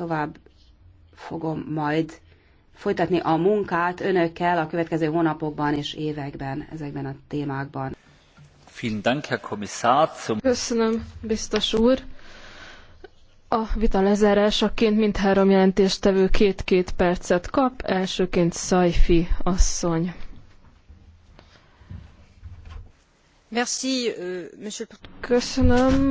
tovább fogom majd folytatni a munkát önökkel a következő hónapokban és években ezekben a témákban. Köszönöm, biztos úr. A vita lezárásaként mindhárom jelentéstevő két-két percet kap, elsőként Szajfi asszony. Merci, euh, Köszönöm,